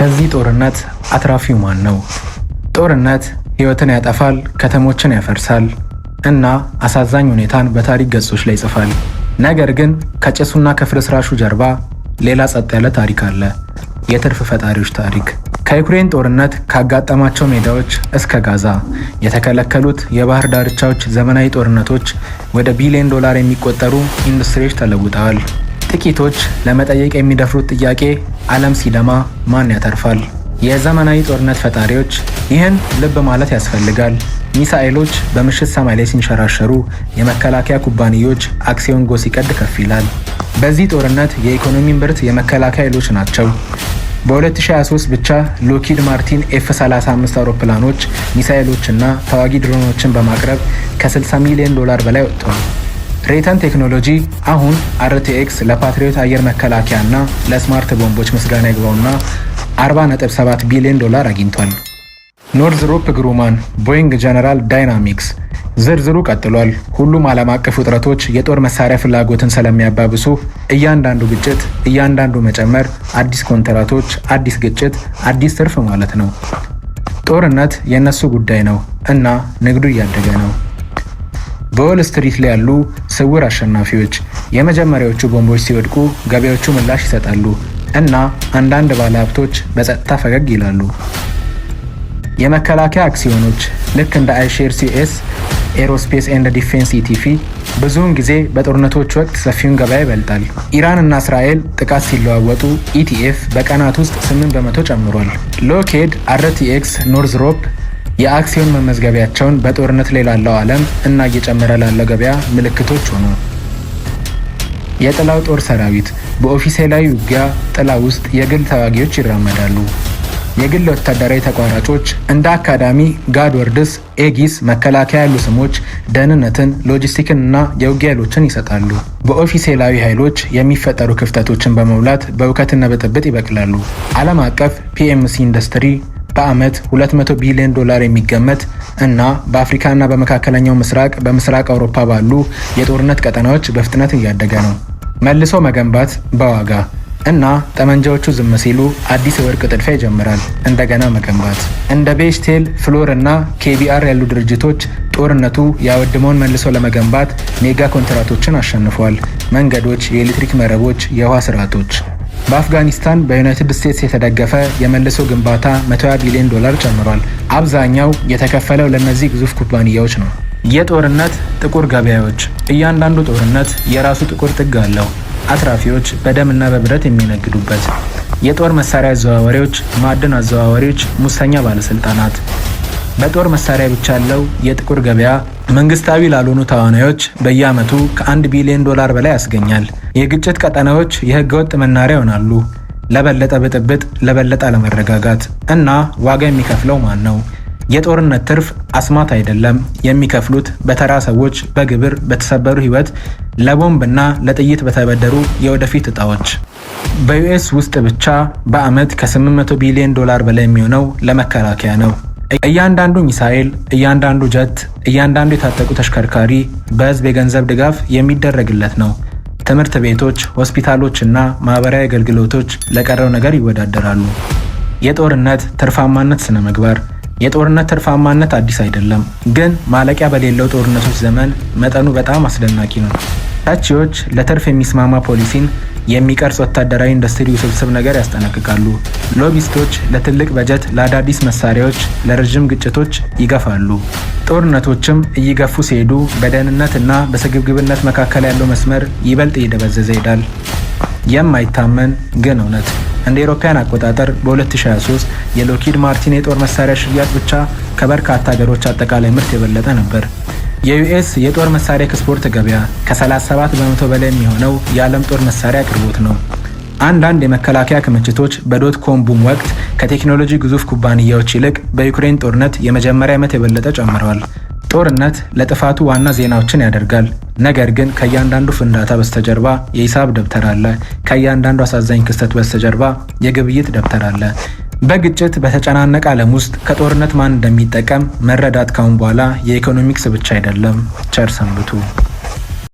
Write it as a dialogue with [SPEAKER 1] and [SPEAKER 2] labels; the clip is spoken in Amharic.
[SPEAKER 1] ከዚህ ጦርነት አትራፊው ማን ነው? ጦርነት ሕይወትን ያጠፋል፣ ከተሞችን ያፈርሳል እና አሳዛኝ ሁኔታን በታሪክ ገጾች ላይ ይጽፋል። ነገር ግን ከጭሱና ከፍርስራሹ ጀርባ ሌላ ጸጥ ያለ ታሪክ አለ። የትርፍ ፈጣሪዎች ታሪክ ከዩክሬን ጦርነት ካጋጠማቸው ሜዳዎች እስከ ጋዛ የተከለከሉት የባህር ዳርቻዎች፣ ዘመናዊ ጦርነቶች፣ ወደ ቢሊዮን ዶላር የሚቆጠሩ ኢንዱስትሪዎች ተለውጠዋል። ጥቂቶች ለመጠየቅ የሚደፍሩት ጥያቄ ዓለም ሲደማ ማን ያተርፋል? የዘመናዊ ጦርነት ፈጣሪዎች ይህን ልብ ማለት ያስፈልጋል። ሚሳኤሎች በምሽት ሰማይ ላይ ሲንሸራሸሩ፣ የመከላከያ ኩባንያዎች አክሲዮን ጎ ሲቀድ ከፍ ይላል። በዚህ ጦርነት የኢኮኖሚ ምርት የመከላከያ ኃይሎች ናቸው። በ2023 ብቻ ሎኪድ ማርቲን ኤፍ 35 አውሮፕላኖች ሚሳኤሎችና ተዋጊ ድሮኖችን በማቅረብ ከ60 ሚሊዮን ዶላር በላይ ወጥተዋል። ሬተን ቴክኖሎጂ አሁን አርቲኤክስ ለፓትሪዮት አየር መከላከያ እና ለስማርት ቦምቦች ምስጋና ይግባውና 47 ቢሊዮን ዶላር አግኝቷል። ኖርዝሮፕ ግሩማን ቦይንግ ጀነራል ዳይናሚክስ ዝርዝሩ ቀጥሏል። ሁሉም ዓለም አቀፍ ውጥረቶች የጦር መሳሪያ ፍላጎትን ስለሚያባብሱ እያንዳንዱ ግጭት፣ እያንዳንዱ መጨመር አዲስ ኮንትራቶች፣ አዲስ ግጭት፣ አዲስ ትርፍ ማለት ነው። ጦርነት የእነሱ ጉዳይ ነው እና ንግዱ እያደገ ነው። በወል ስትሪት ላይ ያሉ ስውር አሸናፊዎች የመጀመሪያዎቹ ቦምቦች ሲወድቁ ገበያዎቹ ምላሽ ይሰጣሉ እና አንዳንድ ባለሀብቶች በጸጥታ ፈገግ ይላሉ። የመከላከያ አክሲዮኖች ልክ እንደ አይሼር ሲኤስ ኤሮስፔስ ኤንድ ዲፌንስ ኢቲፊ ብዙውን ጊዜ በጦርነቶች ወቅት ሰፊውን ገበያ ይበልጣል። ኢራን እና እስራኤል ጥቃት ሲለዋወጡ ኢቲኤፍ በቀናት ውስጥ 8 በመቶ ጨምሯል። ሎኬድ፣ አርቲኤክስ፣ ኖርዝሮፕ የአክሲዮን መመዝገቢያቸውን በጦርነት ላይ ላለው ዓለም እና እየጨመረ ላለው ገበያ ምልክቶች ሆኑ። የጥላው ጦር ሰራዊት በኦፊሴላዊ ውጊያ ጥላ ውስጥ የግል ተዋጊዎች ይራመዳሉ። የግል ወታደራዊ ተቋራጮች እንደ አካዳሚ፣ ጋድወርድስ፣ ኤጊስ መከላከያ ያሉ ስሞች ደህንነትን፣ ሎጂስቲክን እና የውጊያ ኃይሎችን ይሰጣሉ። በኦፊሴላዊ ኃይሎች የሚፈጠሩ ክፍተቶችን በመሙላት በእውከትና በጥብጥ ይበቅላሉ። ዓለም አቀፍ ፒኤምሲ ኢንዱስትሪ በዓመት 200 ቢሊዮን ዶላር የሚገመት እና በአፍሪካና በመካከለኛው ምስራቅ በምስራቅ አውሮፓ ባሉ የጦርነት ቀጠናዎች በፍጥነት እያደገ ነው። መልሶ መገንባት በዋጋ እና ጠመንጃዎቹ ዝም ሲሉ አዲስ የወርቅ ጥድፊያ ይጀምራል። እንደገና መገንባት እንደ ቤሽቴል ፍሎር እና ኬቢአር ያሉ ድርጅቶች ጦርነቱ ያወድመውን መልሶ ለመገንባት ሜጋ ኮንትራቶችን አሸንፏል። መንገዶች፣ የኤሌክትሪክ መረቦች፣ የውሃ ስርዓቶች በአፍጋኒስታን በዩናይትድ ስቴትስ የተደገፈ የመልሶ ግንባታ 120 ቢሊዮን ዶላር ጨምሯል። አብዛኛው የተከፈለው ለእነዚህ ግዙፍ ኩባንያዎች ነው። የጦርነት ጥቁር ገበያዎች። እያንዳንዱ ጦርነት የራሱ ጥቁር ጥግ አለው። አትራፊዎች በደምና በብረት የሚነግዱበት፣ የጦር መሳሪያ አዘዋዋሪዎች፣ ማዕድን አዘዋዋሪዎች፣ ሙሰኛ ባለስልጣናት በጦር መሳሪያ ብቻ ያለው የጥቁር ገበያ መንግስታዊ ላልሆኑ ተዋናዮች በየዓመቱ ከአንድ ቢሊዮን ዶላር በላይ ያስገኛል። የግጭት ቀጠናዎች የህገወጥ መናሪያ ይሆናሉ። ለበለጠ ብጥብጥ፣ ለበለጠ አለመረጋጋት እና ዋጋ የሚከፍለው ማን ነው? የጦርነት ትርፍ አስማት አይደለም። የሚከፍሉት በተራ ሰዎች በግብር በተሰበሩ ህይወት፣ ለቦምብ እና ለጥይት በተበደሩ የወደፊት እጣዎች። በዩኤስ ውስጥ ብቻ በአመት ከ800 ቢሊዮን ዶላር በላይ የሚሆነው ለመከላከያ ነው። እያንዳንዱ ሚሳኤል፣ እያንዳንዱ ጀት፣ እያንዳንዱ የታጠቁ ተሽከርካሪ በህዝብ የገንዘብ ድጋፍ የሚደረግለት ነው። ትምህርት ቤቶች፣ ሆስፒታሎች እና ማህበራዊ አገልግሎቶች ለቀረው ነገር ይወዳደራሉ። የጦርነት ትርፋማነት ስነ ምግባር የጦርነት ትርፋማነት አዲስ አይደለም፣ ግን ማለቂያ በሌለው ጦርነቶች ዘመን መጠኑ በጣም አስደናቂ ነው። ታቺዎች ለተርፍ የሚስማማ ፖሊሲን የሚቀርጽ ወታደራዊ ኢንዱስትሪ ውስብስብ ነገር ያስጠነቅቃሉ። ሎቢስቶች ለትልቅ በጀት፣ ለአዳዲስ መሳሪያዎች፣ ለረዥም ግጭቶች ይገፋሉ። ጦርነቶችም እየገፉ ሲሄዱ በደህንነት እና በስግብግብነት መካከል ያለው መስመር ይበልጥ እየደበዘዘ ይሄዳል። የማይታመን ግን እውነት እንደ ኤሮፓያን አቆጣጠር በ2023 የሎኪድ ማርቲን የጦር መሳሪያ ሽያጭ ብቻ ከበርካታ ሀገሮች አጠቃላይ ምርት የበለጠ ነበር። የዩኤስ የጦር መሳሪያ ኤክስፖርት ገበያ ከ37 በመቶ በላይ የሚሆነው የዓለም ጦር መሳሪያ አቅርቦት ነው። አንዳንድ የመከላከያ ክምችቶች በዶት ኮም ቡም ወቅት ከቴክኖሎጂ ግዙፍ ኩባንያዎች ይልቅ በዩክሬን ጦርነት የመጀመሪያ ዓመት የበለጠ ጨምረዋል። ጦርነት ለጥፋቱ ዋና ዜናዎችን ያደርጋል። ነገር ግን ከእያንዳንዱ ፍንዳታ በስተጀርባ የሂሳብ ደብተር አለ። ከእያንዳንዱ አሳዛኝ ክስተት በስተጀርባ የግብይት ደብተር አለ። በግጭት በተጨናነቀ ዓለም ውስጥ ከጦርነት ማን እንደሚጠቀም መረዳት ካሁን በኋላ የኢኮኖሚክስ ብቻ አይደለም። ቸር ሰንብቱ።